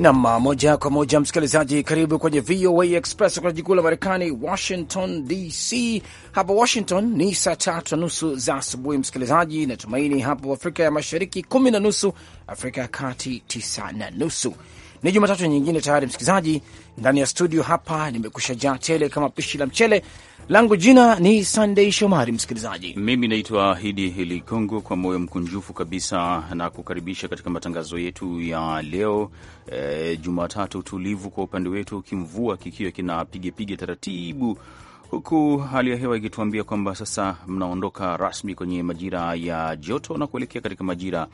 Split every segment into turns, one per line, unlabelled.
Nam moja kwa moja, msikilizaji, karibu kwenye VOA Express kutoka jikuu la Marekani, Washington DC. Hapa Washington ni saa tatu na nusu za asubuhi. Msikilizaji, natumaini hapo Afrika ya Mashariki kumi na nusu, Afrika ya Kati tisa na nusu. Ni Jumatatu nyingine tayari, msikilizaji, ndani ya studio hapa nimekusha jaa tele kama pishi la mchele, langu jina ni sandei Shomari. Msikilizaji,
mimi naitwa Hidi Hiligongo, kwa moyo mkunjufu kabisa na kukaribisha katika matangazo yetu ya leo e, Jumatatu tulivu kwa upande wetu, kimvua kikiwa kinapigapiga taratibu huku hali ya hewa ikituambia kwamba sasa mnaondoka rasmi kwenye majira ya joto na kuelekea katika majira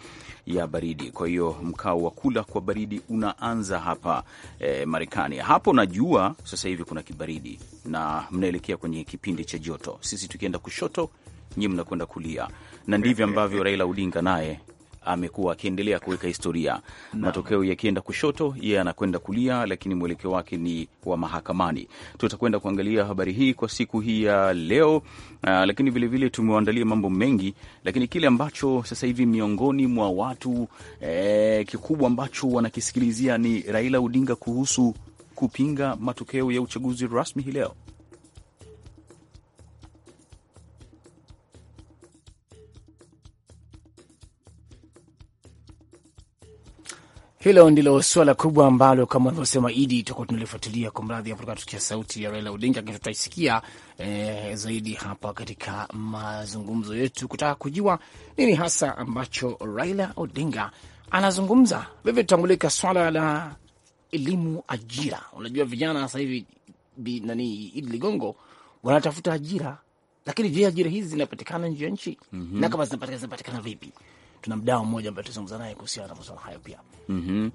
ya baridi. Kwa hiyo mkao wa kula kwa baridi unaanza hapa e, Marekani. Hapo najua sasa hivi kuna kibaridi na mnaelekea kwenye kipindi cha joto, sisi tukienda kushoto, nyinyi mnakwenda kulia, na ndivyo ambavyo Raila Odinga naye amekuwa akiendelea kuweka historia, matokeo yakienda kushoto, yeye anakwenda kulia, lakini mwelekeo wake ni wa mahakamani. Tutakwenda kuangalia habari hii kwa siku hii ya leo, Uh, lakini vilevile tumewaandalia mambo mengi, lakini kile ambacho sasa hivi miongoni mwa watu eh, kikubwa ambacho wanakisikilizia ni Raila Odinga kuhusu kupinga matokeo ya uchaguzi rasmi hii leo.
Hilo ndilo suala kubwa ambalo kama unavyosema Idi, tutakuwa tunalifuatilia kwa mradhi ya tukia sauti ya Raila Odinga, lakini tutaisikia eh, zaidi hapa katika mazungumzo yetu kutaka kujua nini hasa ambacho Raila Odinga anazungumza. Vivyo tutambulika swala la elimu, ajira. Unajua vijana sasa hivi nani, Idi Ligongo, wanatafuta ajira, lakini je, ajira hizi zinapatikana nje ya nchi? mm -hmm. na kama zinapatikana zinapatikana vipi? tuna mdao mmoja ambaye tutazungumza naye kuhusiana na masuala hayo pia.
mm -hmm.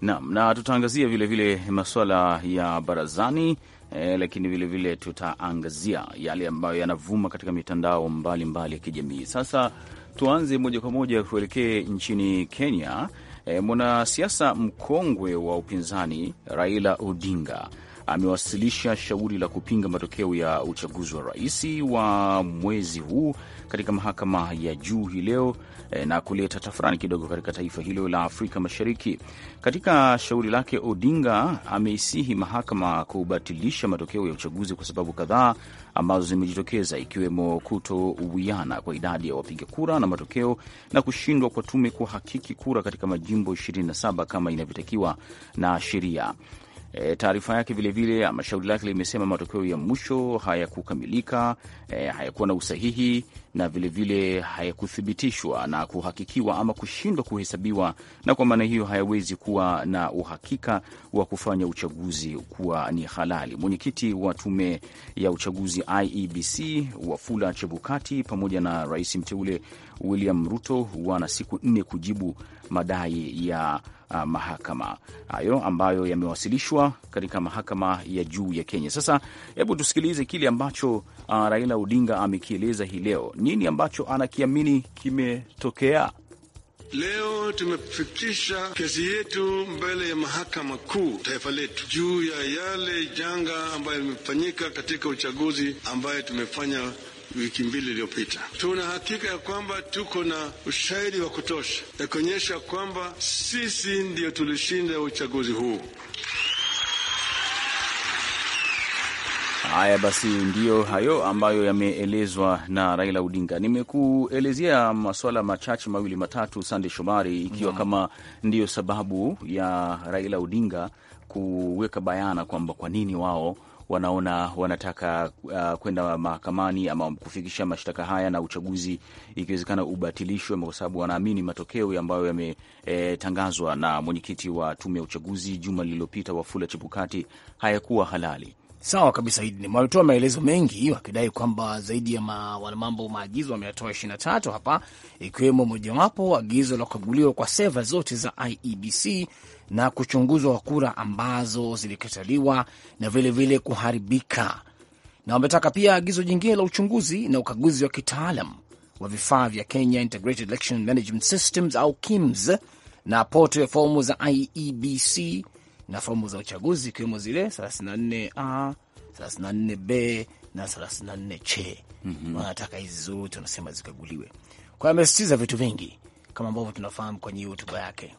Naam, na tutaangazia vilevile masuala ya barazani eh, lakini vilevile tutaangazia yale ambayo yanavuma katika mitandao mbalimbali ya kijamii. Sasa tuanze moja kwa moja kuelekee nchini Kenya. E, mwanasiasa mkongwe wa upinzani Raila Odinga amewasilisha shauri la kupinga matokeo ya uchaguzi wa rais wa mwezi huu katika mahakama ya juu hii leo e, na kuleta tafurani kidogo katika taifa hilo la Afrika Mashariki. Katika shauri lake, Odinga ameisihi mahakama kubatilisha matokeo ya uchaguzi kwa sababu kadhaa ambazo zimejitokeza ikiwemo kutowiana kwa idadi ya wapiga kura na matokeo na kushindwa kwa tume kuhakiki kura katika majimbo 27 kama inavyotakiwa na sheria. E, taarifa yake vilevile ama shauri lake limesema matokeo ya mwisho hayakukamilika, e, hayakuwa na usahihi na vilevile hayakuthibitishwa na kuhakikiwa ama kushindwa kuhesabiwa, na kwa maana hiyo hayawezi kuwa na uhakika wa kufanya uchaguzi kuwa ni halali. Mwenyekiti wa tume ya uchaguzi IEBC Wafula Chebukati pamoja na rais mteule William Ruto wana siku nne kujibu madai ya uh, mahakama hayo ambayo yamewasilishwa katika mahakama ya juu ya Kenya. Sasa hebu tusikilize kile ambacho uh, Raila Odinga amekieleza hii leo, nini ambacho anakiamini kimetokea.
Leo
tumefikisha kesi yetu mbele ya mahakama kuu taifa letu juu ya yale janga ambayo imefanyika katika uchaguzi ambayo tumefanya wiki mbili iliyopita. Tuna hakika ya kwamba tuko na ushahidi wa kutosha ya kuonyesha kwamba sisi ndiyo tulishinda uchaguzi huu.
Haya basi, ndiyo hayo ambayo yameelezwa na Raila Odinga. Nimekuelezea masuala machache mawili matatu, Sande Shomari, ikiwa mm -hmm. kama ndiyo sababu ya Raila Odinga kuweka bayana kwamba kwa nini wao wanaona wanataka uh, kwenda mahakamani ama kufikisha mashtaka haya na uchaguzi ikiwezekana ubatilishwe, kwa sababu wanaamini matokeo ambayo yametangazwa e, na mwenyekiti wa tume ya uchaguzi juma lililopita Wafula Chebukati hayakuwa halali.
Sawa kabisa, Idni wametoa maelezo mengi wakidai kwamba zaidi ya ma, wanamambo maagizo wameyatoa ishirini na tatu hapa, ikiwemo mojawapo agizo la kukaguliwa kwa seva zote za IEBC na kuchunguzwa kwa kura ambazo zilikataliwa na vilevile vile kuharibika, na wametaka pia agizo jingine la uchunguzi na ukaguzi wa kitaalam wa vifaa vya Kenya Integrated Election Management Systems au KIMS na poto ya fomu za IEBC na fomu za uchaguzi ikiwemo zile 34A, 34B na 34 c mm -hmm. Wanataka hizi zote wanasema zikaguliwe. Kwa amesitiza vitu vingi kama ambavyo tunafahamu kwenye hii hotuba yake.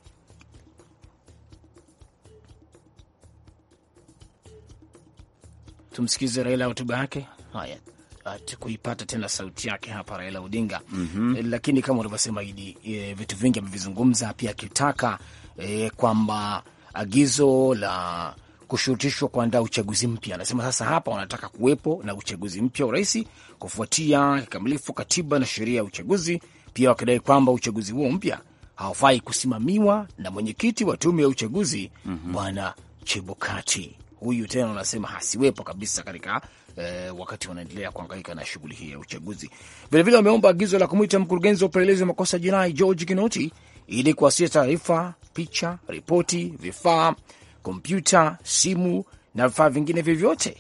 Tumsikize Raila hotuba yake. Haya, hatukuipata tena sauti yake hapa Raila Odinga mm -hmm. Lakini kama unavyosema Idi, e, vitu vingi amevizungumza, pia akitaka e, kwamba agizo la kushurutishwa kuandaa uchaguzi mpya. Anasema sasa hapa wanataka kuwepo na uchaguzi mpya wa urais kufuatia kikamilifu katiba na sheria ya uchaguzi, pia wakidai kwamba uchaguzi huo mpya hawafai kusimamiwa na mwenyekiti wa tume ya uchaguzi mhm. Bwana mm -hmm. Chebukati. Huyu tena anasema hasiwepo kabisa katika eh, wakati wanaendelea kuangaika na shughuli hii ya uchaguzi. Vilevile wameomba agizo la kumwita mkurugenzi wa upelelezi wa makosa jinai George Kinoti ili kuwasilisha taarifa, picha, ripoti, vifaa, kompyuta, simu na vifaa vingine vyovyote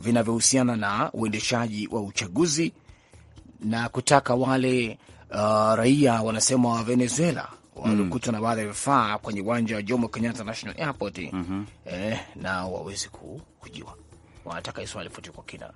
vinavyohusiana na uendeshaji wa uchaguzi na kutaka wale uh, raia wanasema wa Venezuela walikutwa mm. na baadhi ya vifaa kwenye uwanja wa Jomo Kenyatta National Airport mm -hmm. eh, na wawezi kujiwa wanataka Yesu futi kwa kina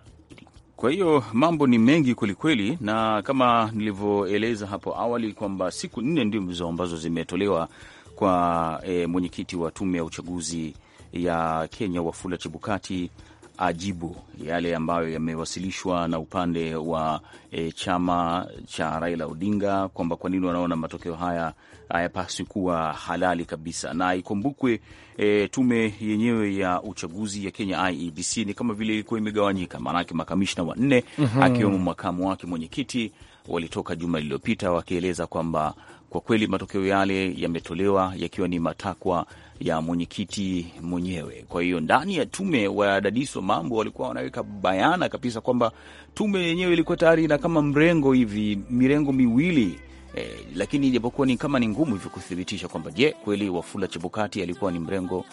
kwa hiyo mambo ni mengi kwelikweli, na kama nilivyoeleza hapo awali kwamba siku nne ndizo ambazo zimetolewa kwa e, mwenyekiti wa tume ya uchaguzi ya Kenya Wafula Chebukati ajibu yale ambayo yamewasilishwa na upande wa e, chama cha Raila Odinga kwamba kwa nini wanaona matokeo haya hayapaswi kuwa halali kabisa. Na ikumbukwe e, tume yenyewe ya uchaguzi ya Kenya IEBC ni kama vile ilikuwa imegawanyika, maanake makamishna wanne mm -hmm. akiwemo makamu wake mwenyekiti walitoka juma lililopita wakieleza kwamba kwa kweli matokeo yale yametolewa yakiwa ni matakwa ya mwenyekiti mwenyewe. Kwa hiyo ndani ya tume wadadisi wa mambo walikuwa wanaweka bayana kabisa kwamba tume yenyewe ilikuwa tayari ina kama mrengo hivi, mirengo miwili eh, lakini ijapokuwa ni kama ni ngumu hivyo kuthibitisha kwamba je, kweli Wafula Chebukati alikuwa ni mrengo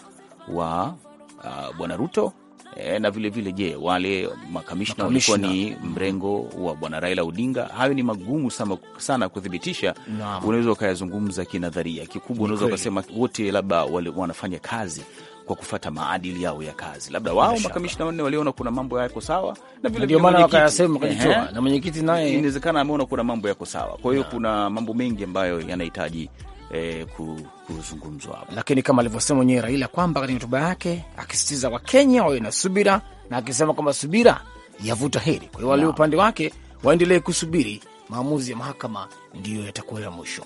wa uh, bwana Ruto e, na vilevile vile, je, wale makamishna walikuwa ni mrengo wa bwana Raila Odinga? Hayo ni magumu sama, sana kuthibitisha. Unaweza ukayazungumza kinadharia, kikubwa unaweza ukasema wote labda wanafanya kazi kwa kufata maadili yao ya kazi, labda wao makamishna wanne waliona kuna mambo yako sawa, na vile ndio maana wakayasema wakajitoa, na mwenyekiti naye inawezekana ameona kuna mambo yako sawa. Kwa hiyo kuna mambo mengi ambayo yanahitaji eh,
kuzungumzwa hapo, lakini kama alivyosema mwenyewe Raila kwamba katika hotuba yake akisisitiza Wakenya wawe na subira na akisema kwamba subira yavuta heri. Kwa hiyo walio upande wake waendelee kusubiri, maamuzi ya mahakama ndiyo yatakuwa ya mwisho.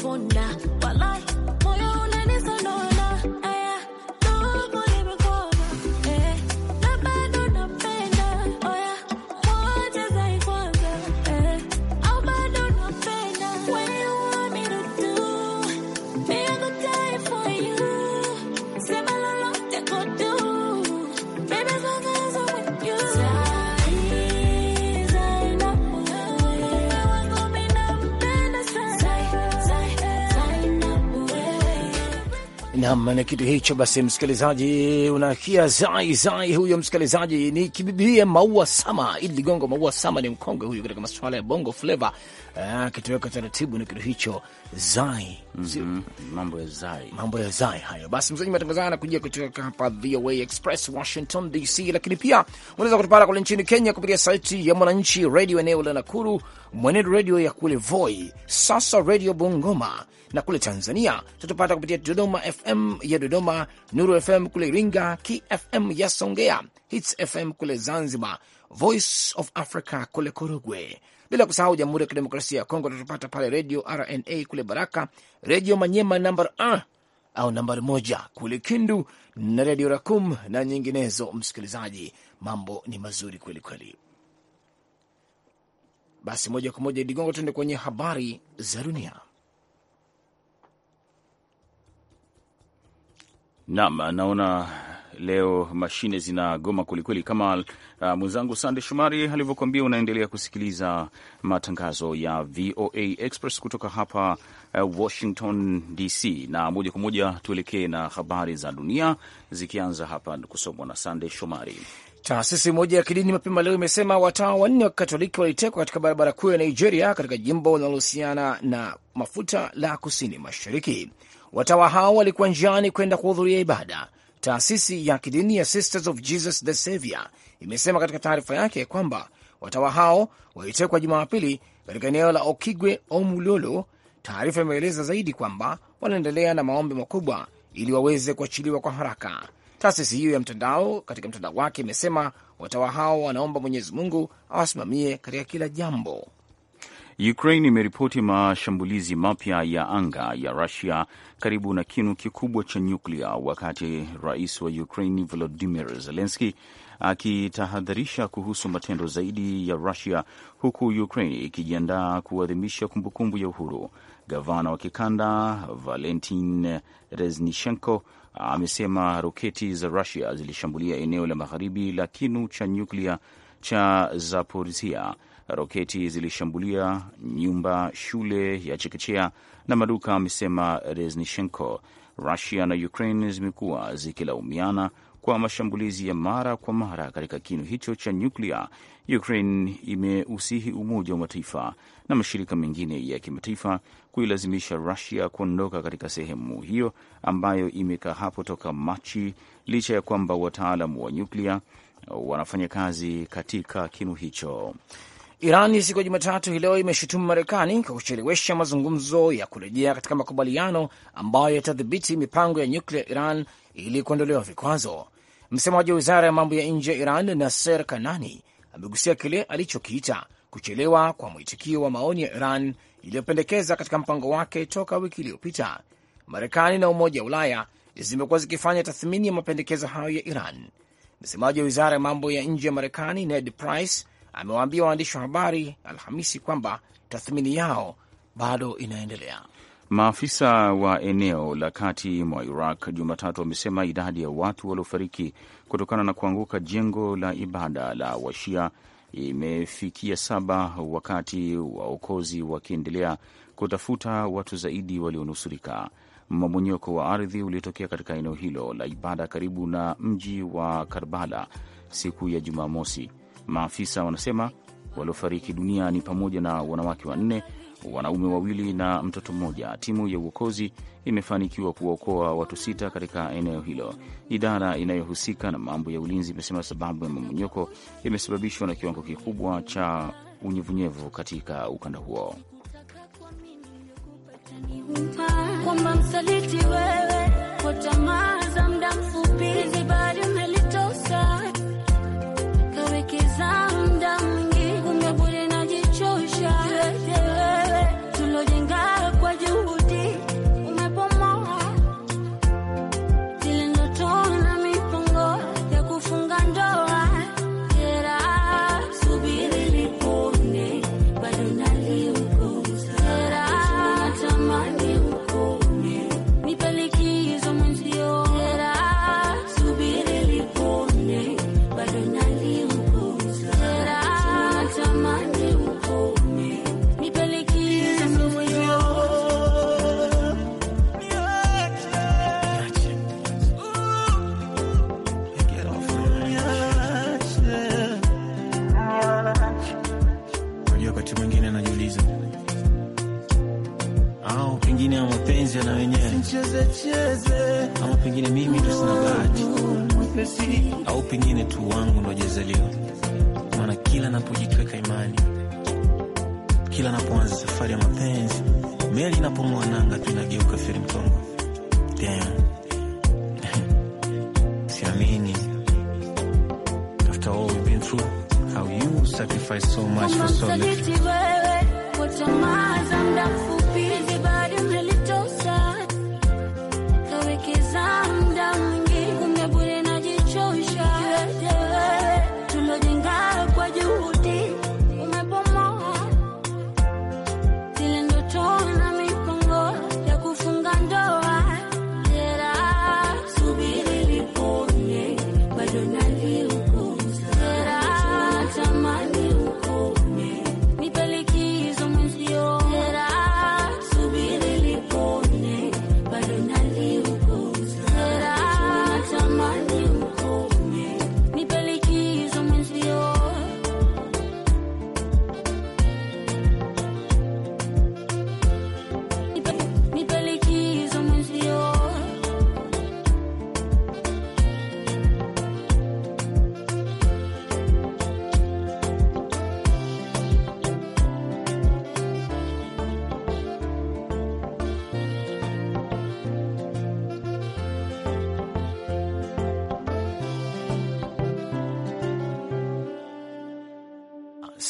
unavona
Naam, ni kitu hicho basi, msikilizaji, unakia zai zai. Huyo msikilizaji ni kibibie Maua Sama, Idi Ligongo. Maua Sama ni mkongwe huyu katika masuala ya bongo fleva, akitoweka ah, taratibu na kitu hicho zai, mhm, mambo ya zai, mambo ya zai hayo. Basi msikilizaji, matangazo haya yanakujia kutoka hapa VOA Express Washington DC, lakini pia unaweza kutupata kule nchini Kenya kupitia Sauti ya Mwananchi, redio eneo la Nakuru, mwenendo redio ya kule Voi, sasa redio Bungoma na kule Tanzania tutapata kupitia Dodoma FM ya Dodoma, Nuru FM kule Iringa, KFM ya Songea, Hits FM kule Zanzibar, Voice of Africa kule Korogwe, bila kusahau Jamhuri ya Kidemokrasia ya Kongo tutapata pale Redio RNA kule Baraka, Redio Manyema namba au nambari moja kule Kindu na Redio Rakum na nyinginezo. Msikilizaji, mambo ni mazuri kweli kweli. Basi moja kwa moja Ligongo, tuende kwenye habari za dunia.
Naam, naona leo mashine zinagoma kwelikweli, kama uh, mwenzangu Sande Shomari alivyokuambia. Unaendelea kusikiliza matangazo ya VOA Express kutoka hapa uh, Washington DC, na moja kwa moja tuelekee na
habari za dunia zikianza hapa kusomwa na Sande Shomari. Taasisi moja ya kidini mapema leo imesema watawa wanne wa Kikatoliki walitekwa katika barabara kuu ya Nigeria, katika jimbo linalohusiana na mafuta la kusini mashariki. Watawa hao walikuwa njiani kwenda kuhudhuria ibada. Taasisi ya kidini ya Sisters of Jesus the Savior imesema katika taarifa yake kwamba watawa hao walitekwa Jumapili katika eneo la Okigwe Omulolo. Taarifa imeeleza zaidi kwamba wanaendelea na maombi makubwa ili waweze kuachiliwa kwa haraka. Taasisi hiyo ya mtandao katika mtandao wake imesema watawa hao wanaomba Mwenyezi Mungu awasimamie katika kila jambo.
Ukraine imeripoti mashambulizi mapya ya anga ya rasia karibu na kinu kikubwa cha nyuklia, wakati rais wa Ukraine Volodymyr Zelensky akitahadharisha kuhusu matendo zaidi ya russia huku Ukraine ikijiandaa kuadhimisha kumbukumbu ya uhuru. Gavana wa kikanda Valentin Reznishenko amesema roketi za rasia zilishambulia eneo la magharibi la kinu cha nyuklia cha Zaporizhia roketi zilishambulia nyumba, shule ya chekechea na maduka, amesema Reznishenko. Rusia na Ukraine zimekuwa zikilaumiana kwa mashambulizi ya mara kwa mara katika kinu hicho cha nyuklia. Ukraine imeusihi Umoja wa Mataifa na mashirika mengine ya kimataifa kuilazimisha Rusia kuondoka katika sehemu hiyo ambayo imekaa hapo toka Machi, licha ya kwamba wataalamu wa nyuklia wanafanya kazi katika kinu hicho.
Irani siku ya Jumatatu hii leo imeshutumu Marekani kwa kuchelewesha mazungumzo ya kurejea katika makubaliano ambayo yatadhibiti mipango ya nyuklia ya Iran ili kuondolewa vikwazo. Msemaji wa wizara ya mambo ya nje ya Iran, naser Kanani, amegusia kile alichokiita kuchelewa kwa mwitikio wa maoni ya Iran iliyopendekeza katika mpango wake toka wiki iliyopita. Marekani na Umoja wa Ulaya zimekuwa zikifanya tathmini ya mapendekezo hayo ya Iran. Msemaji wa wizara ya mambo ya nje ya Marekani, Ned Price, amewaambia waandishi wa habari Alhamisi kwamba tathmini yao bado inaendelea.
Maafisa wa eneo la kati mwa Iraq Jumatatu wamesema idadi ya watu waliofariki kutokana na kuanguka jengo la ibada la Washia imefikia saba, wakati waokozi wakiendelea kutafuta watu zaidi walionusurika. Mmomonyoko wa ardhi uliotokea katika eneo hilo la ibada karibu na mji wa Karbala siku ya Jumamosi Maafisa wanasema waliofariki dunia ni pamoja na wanawake wanne, wanaume wawili na mtoto mmoja. Timu ya uokozi imefanikiwa kuwaokoa watu sita katika eneo hilo. Idara inayohusika na mambo ya ulinzi imesema sababu ya mamonyoko imesababishwa na kiwango kikubwa cha unyevunyevu katika ukanda huo.
ama pengine mimi sina bahati au pengine tu wangu ndo jazaliwa. Maana kila napojiweka imani, kila napoanza safari ya mapenzi, meli inapong'oa nanga tu inageuka feri mtongo. Siamini after all we've been through how you sacrifice so much for so
little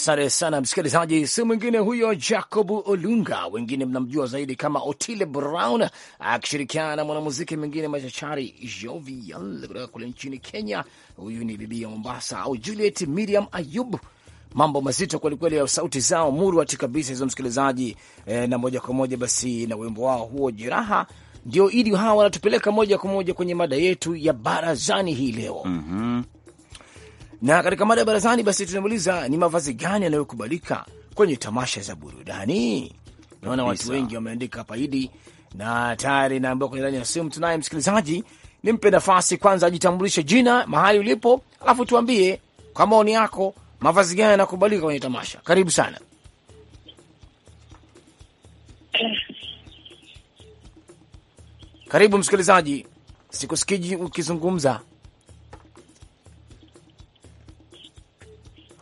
Asante sana msikilizaji, si mwingine huyo Jacob Olunga, wengine mnamjua zaidi kama Otile Brown, akishirikiana na mwanamuziki mwingine machachari Jovial kutoka kule nchini Kenya. Huyu ni bibi ya Mombasa au Juliet Miriam Ayub. Mambo mazito kwelikweli ya sauti zao murwati kabisa hizo msikilizaji. E, na moja kwa moja basi na wimbo wao huo Jeraha ndio Idi, hawa wanatupeleka moja kwa moja kwenye mada yetu ya barazani hii leo. mm -hmm. Na katika mada ya barazani, basi tunamuuliza ni mavazi gani yanayokubalika kwenye tamasha za burudani. Naona watu wengi wameandika hapa Idi, na tayari naambiwa kwenye laini ya simu tunaye msikilizaji. Nimpe nafasi kwanza ajitambulishe jina, mahali ulipo, alafu tuambie kwa maoni yako mavazi gani yanakubalika kwenye tamasha. Karibu sana. Karibu msikilizaji, sikusikiji ukizungumza.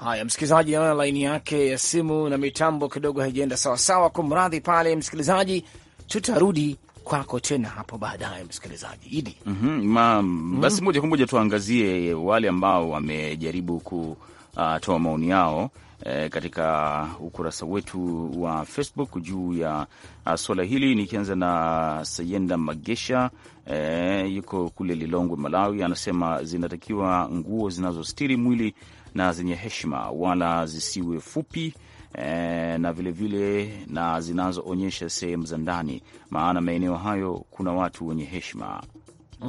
Haya, msikilizaji, naona laini yake ya simu na mitambo kidogo haijaenda sawasawa. Kumradhi pale msikilizaji, tutarudi kwako tena hapo baadaye, msikilizaji Idi.
mm -hmm, ma, mm -hmm. Basi moja kwa moja tuangazie wale ambao wamejaribu kutoa ah, maoni yao e, katika ukurasa wetu wa Facebook juu ya ah, suala hili, nikianza na Sayenda Magesha e, yuko kule Lilongwe, Malawi, anasema zinatakiwa nguo zinazostiri mwili na zenye heshima, wala zisiwe fupi E, na vilevile vile, na zinazoonyesha sehemu za ndani, maana maeneo hayo kuna watu wenye heshima.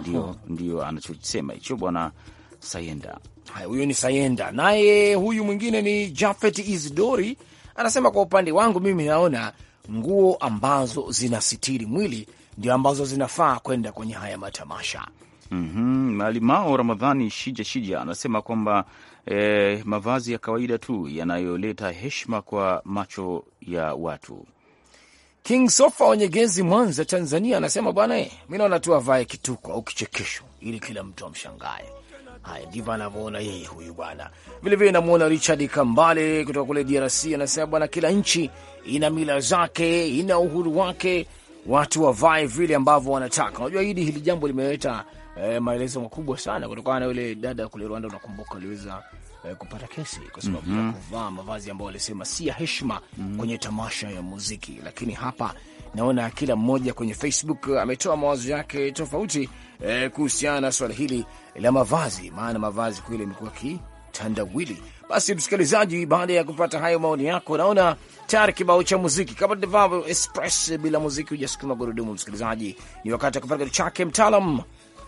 Ndio, ndio anachosema hicho bwana Sayenda.
Haya, huyo ni Sayenda. Naye huyu mwingine ni Jafet Isidori, anasema kwa upande wangu mimi naona nguo ambazo zinasitiri mwili ndio ambazo zinafaa kwenda kwenye haya matamasha
mm -hmm. Malimao Ramadhani Shija Shija anasema kwamba eh, mavazi ya kawaida tu yanayoleta heshima kwa macho ya watu.
King Sofa Wanyegezi, Mwanza, Tanzania, anasema bwana, mi naona tu avae kituko au kichekesho ili kila mtu amshangae. Haya ndivyo anavyoona yeye huyu bwana. Vilevile namwona Richard Kambale kutoka kule DRC anasema bwana, kila nchi ina mila zake, ina uhuru wake, watu wavae vile ambavyo wanataka. Unajua hili hili jambo limeleta eh, maelezo makubwa sana kutokana na yule dada kule Rwanda, unakumbuka aliweza eh, kupata kesi kwa sababu mm -hmm. ya mhm. kuvaa mavazi ambayo walisema si ya heshima mm -hmm. kwenye tamasha ya muziki. Lakini hapa naona kila mmoja kwenye Facebook eh, ametoa mawazo yake tofauti eh, kuhusiana na swala hili la mavazi, maana mavazi kweli imekuwa kitandawili. Basi msikilizaji, baada ya kupata hayo maoni yako, naona tayari kibao cha muziki kama Devavo Express. Bila muziki hujasukuma gurudumu. Msikilizaji, ni wakati wa kupata kitu chake mtaalam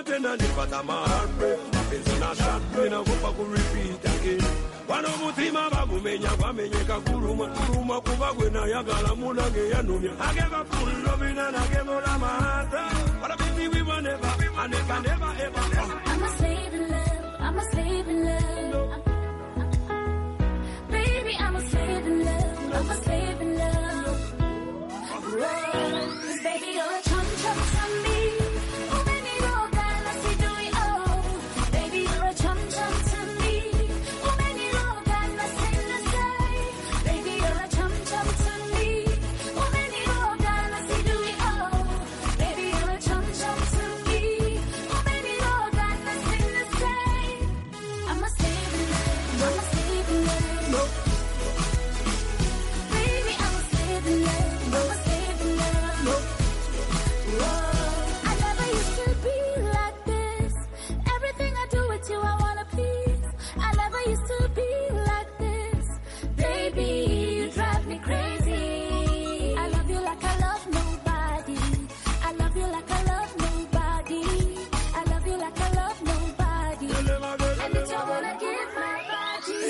I'm a Mapenzi na kurepeat again. bagumenya bamenyeka kuba munange
I'm a slave in love, I'm a slave in love. Baby, I'm a slave in love, I'm a slave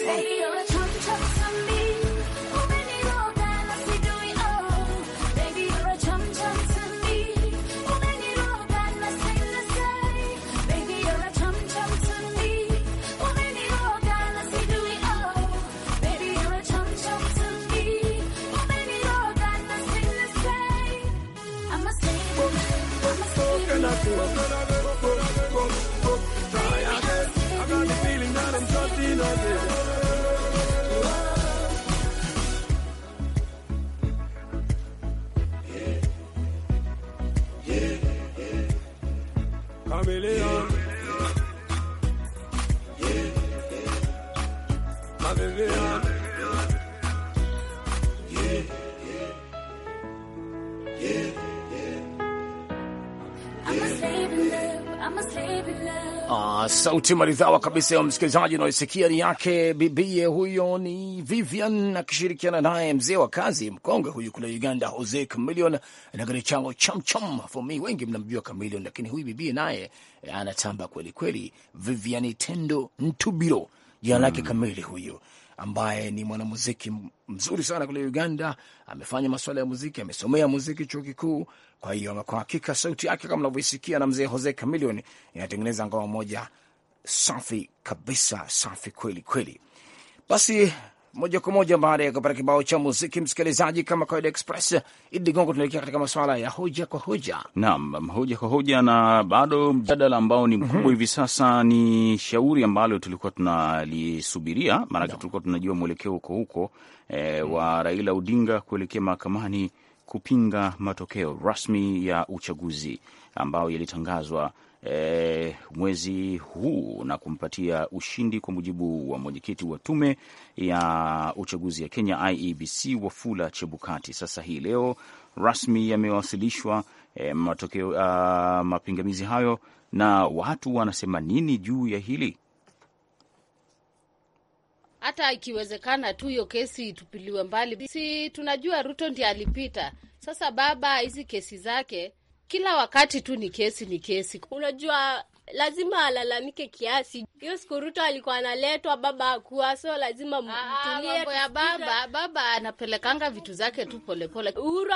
Hey.
Ah, sauti maridhawa kabisa ya msikilizaji unayoisikia ni yake bibie huyo, ni Vivian akishirikiana naye mzee wa kazi mkongwe huyu kule Uganda, Jose Chameleone na gari chango cham cham for me. Wengi mnamjua Chameleone, lakini huyu bibie naye eh, anatamba kweli kweli, Vivian Tendo Ntubiro jina lake mm. kamili huyu ambaye ni mwanamuziki mzuri sana kule Uganda. Amefanya masuala ya muziki, amesomea muziki chuo kikuu. Kwa hiyo kwa hakika sauti yake kama unavyoisikia na mzee Jose Chameleone inatengeneza ngoma moja safi kabisa, safi kweli kweli. Basi moja kwa moja baada ya kupata kibao cha muziki, msikilizaji, kama kawaida Express Idi Ligongo, tunaelekea katika masuala ya hoja kwa hoja.
Naam, hoja kwa hoja, na bado mjadala ambao ni mkubwa mm -hmm. hivi sasa ni shauri ambalo tulikuwa tunalisubiria, maanake no. tulikuwa tunajua mwelekeo huko huko eh, e, mm -hmm. wa Raila Odinga kuelekea mahakamani kupinga matokeo rasmi ya uchaguzi ambayo yalitangazwa E, mwezi huu na kumpatia ushindi kwa mujibu wa mwenyekiti wa tume ya uchaguzi ya Kenya IEBC Wafula Chebukati. Sasa hii leo rasmi yamewasilishwa e, matokeo, ah, mapingamizi hayo, na watu wanasema nini juu ya hili?
hata ikiwezekana tu hiyo kesi itupiliwe mbali. Si tunajua Ruto ndiye alipita. Sasa baba, hizi kesi zake kila wakati tu ni kesi, ni kesi. Unajua lazima alalamike kiasi. Hiyo siku Ruto alikuwa analetwa, baba hakuwa, so lazima ah, ah, mtulie. Ya baba, baba anapelekanga vitu zake tu polepole. Uhuru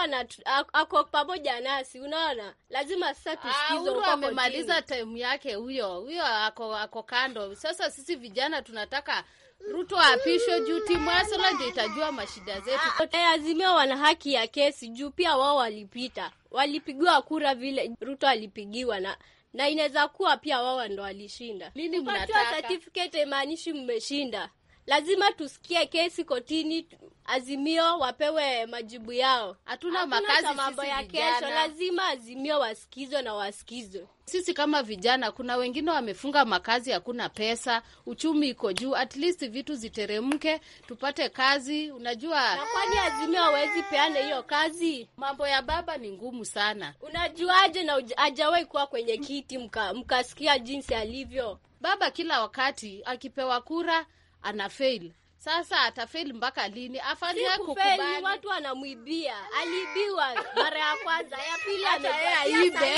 ako pamoja nasi, unaona, lazima sasa ah, tusikize. Uhuru amemaliza time yake, huyo huyo ako, ako kando. Sasa sisi vijana tunataka Ruto apishwe juu timu ya Arsenal ndio itajua mashida zetu. Ah, eh, Azimio wana haki ya kesi juu pia wao walipita, walipigiwa kura vile Ruto alipigiwa na na inaweza kuwa pia wao ndo walishinda. Lini mnataka certificate, imaanishi mmeshinda lazima tusikie kesi kotini, Azimio wapewe majibu yao. Hatuna makazi mambo ya kesho, lazima Azimio wasikizwe na wasikizwe. Sisi kama vijana, kuna wengine wamefunga makazi, hakuna pesa, uchumi iko juu, at least vitu ziteremke, tupate kazi. Unajua, na kwani Azimio hawezi peane hiyo kazi? Mambo ya baba ni ngumu sana. Unajuaje? Na hajawahi kuwa kwenye kiti, mkasikia mka jinsi alivyo baba. Kila wakati akipewa kura anafail sasa atafail mpaka lini? Afanye kukubali. Watu anamwibia, aliibiwa mara ya kwanza, ya pili ameibe.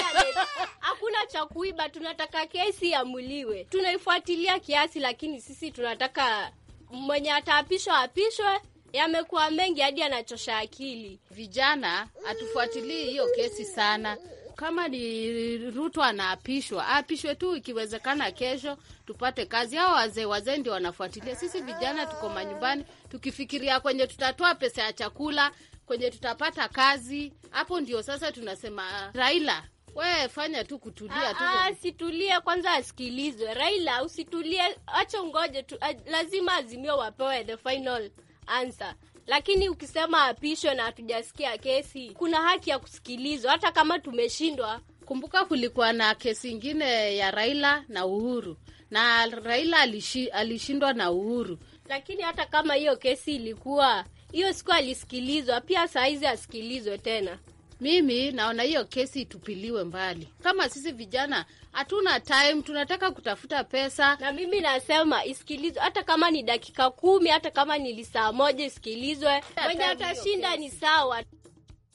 Hakuna cha kuiba, tunataka kesi iamuliwe. Tunaifuatilia kiasi, lakini sisi tunataka mwenye ataapishwa apishwe. Yamekuwa mengi hadi anachosha akili. Vijana hatufuatilii hiyo kesi sana. Kama ni Ruto anaapishwa, aapishwe tu, ikiwezekana kesho tupate kazi. Hao wazee wazee ndio wanafuatilia, sisi vijana tuko manyumbani tukifikiria kwenye tutatoa pesa ya chakula, kwenye tutapata kazi. Hapo ndio sasa tunasema uh, Raila We fanya tu kutulia tu, asitulie ah, ah, kwanza, asikilizwe Raila. Usitulie, acha ngoje tu, lazima azimio wapewe the final answer. Lakini ukisema apishwe na hatujasikia kesi, kuna haki ya kusikilizwa hata kama tumeshindwa. Kumbuka kulikuwa na kesi ingine ya Raila na Uhuru na Raila alishi, alishindwa na Uhuru, lakini hata kama hiyo kesi ilikuwa hiyo siku alisikilizwa, pia saa hizi asikilizwe tena. Mimi naona hiyo kesi itupiliwe mbali. Kama sisi vijana hatuna time, tunataka kutafuta pesa. Na mimi nasema isikilizwe, hata kama ni dakika kumi, hata kama ni saa moja, isikilizwe. Mwenye atashinda ni sawa.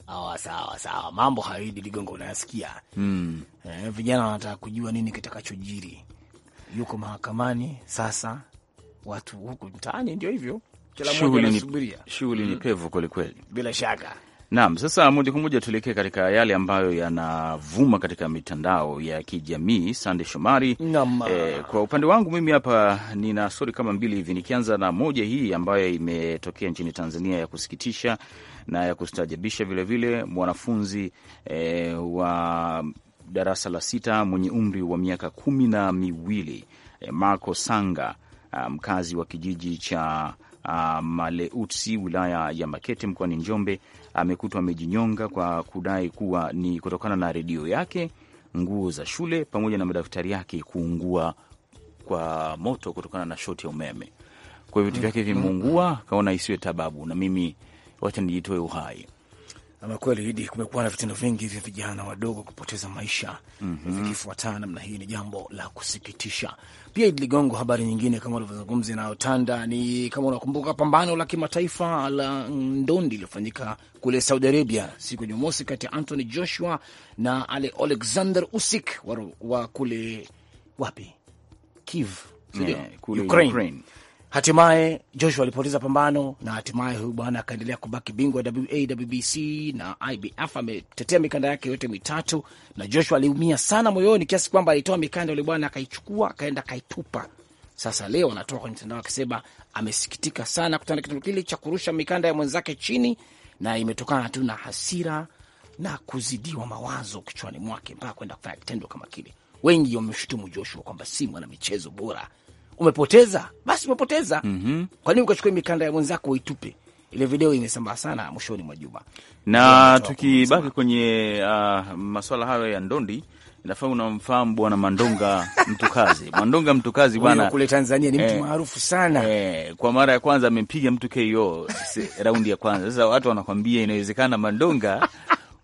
Sawa sawa sawa,
mambo haidi ligongo, unayasikia mm. Eh, vijana wanataka kujua nini kitakachojiri. Yuko mahakamani sasa, watu huku mtaani ndio hivyo, kila mmoja anasubiria.
Shughuli ni hmm. pevu kwelikweli,
bila shaka.
Naam, sasa moja kwa moja tuelekee katika yale ambayo yanavuma katika mitandao ya kijamii. Sande Shomari. e, kwa upande wangu mimi hapa nina stori kama mbili hivi, nikianza na moja hii ambayo imetokea nchini Tanzania ya kusikitisha na ya kustajabisha vilevile. Mwanafunzi e, wa darasa la sita mwenye umri wa miaka kumi na miwili e, Marco Sanga ah, mkazi um, wa kijiji cha uh, Maleutsi wilaya ya Makete mkoani Njombe amekutwa amejinyonga kwa kudai kuwa ni kutokana na redio yake, nguo za shule pamoja na madaftari yake kuungua kwa moto kutokana na shoti ya umeme. Kwa hiyo vitu vyake vimeungua, kaona isiwe tababu, na mimi wacha nijitoe uhai.
Ama kweli hidi kumekuwa na vitendo vingi vya vijana wadogo kupoteza maisha mm -hmm. vikifuatana namna hii, ni jambo la kusikitisha. Pia Idi Ligongo, habari nyingine kama ulivyozungumza inayotanda ni kama unakumbuka pambano la kimataifa la ndondi iliyofanyika kule Saudi Arabia siku ya Jumamosi kati ya Anthony Joshua na Ale Alexander Usyk wa kule wapi Kiev, Ukraine. Hatimaye Joshua alipoteza pambano na hatimaye huyu bwana akaendelea kubaki bingwa WA, WBC na IBF. Ametetea mikanda yake yote mitatu, na Joshua aliumia sana moyoni kiasi kwamba alitoa mikanda yule bwana akaichukua akaenda akaitupa. Sasa leo anatoka kwenye mtandao akisema amesikitika sana kutana kitendo kile cha kurusha mikanda ya mwenzake chini, na imetokana tu na hasira na kuzidiwa mawazo kichwani mwake mpaka kwenda kufanya kitendo kama kile. Wengi wamemshutumu Joshua kwamba si mwana michezo bora umepoteza, basi umepoteza. mm -hmm. Kwa nini ukachukua mikanda ya mwenzako uitupe? Ile video imesambaa sana mwishoni mwa juma. Na tukibaki
kwenye uh, ah, masuala hayo ya ndondi nafaa unamfahamu bwana Mandonga Mtukazi. Mandonga Mtukazi bwana kule Tanzania ni mtu eh,
maarufu sana eh,
kwa mara ya kwanza amempiga mtu KO raundi ya kwanza. Sasa watu wanakwambia inawezekana Mandonga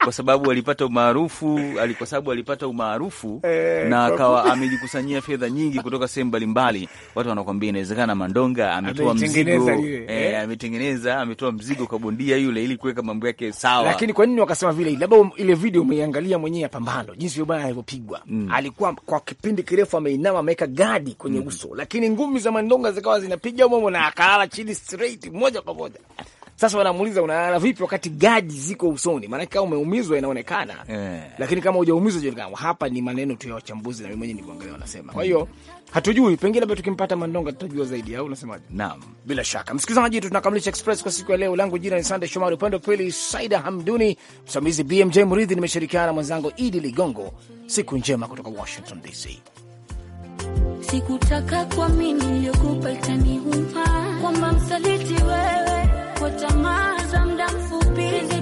kwa sababu alipata umaarufu, kwa sababu alipata umaarufu eh, na akawa amejikusanyia fedha nyingi kutoka sehemu mbalimbali. Watu wanakwambia inawezekana Mandonga ametoa mzigo eh, eh, ametengeneza ametoa mzigo kwa bondia yule ili kuweka mambo yake sawa. Lakini kwa
nini wakasema vile? Labda um, ile video umeiangalia mwenyewe ya pambano, jinsi yule bwana alivyopigwa. Mm. Alikuwa kwa kipindi kirefu ameinama, ameweka gadi kwenye mm. uso, lakini ngumi za Mandonga zikawa zinapiga momo na akalala chini straight moja kwa moja sasa wanamuuliza unalala vipi wakati gadi ziko usoni? maanake kama umeumizwa inaonekana. Yeah. Lakini kama ujaumizwa inaonekana. Hapa ni maneno tu ya wachambuzi na mimi mwenyewe niliangalia wanasema. Kwa hiyo hatujui, pengine labda tukimpata Mandonga tutajua zaidi au unasemaje? Naam. Bila shaka. Msikilizaji tunakamilisha Express kwa siku ya leo. Langu jina ni Sande Shomari, upande wa pili Saida Hamduni, msimamizi BMJ Mridhi, nimeshirikiana na mwenzangu Idi Ligongo. Siku njema kutoka Washington DC.
Sikutaka kuamini niliyokupa itaniuma kwamba msaliti wewe tulipotamaza muda mfupi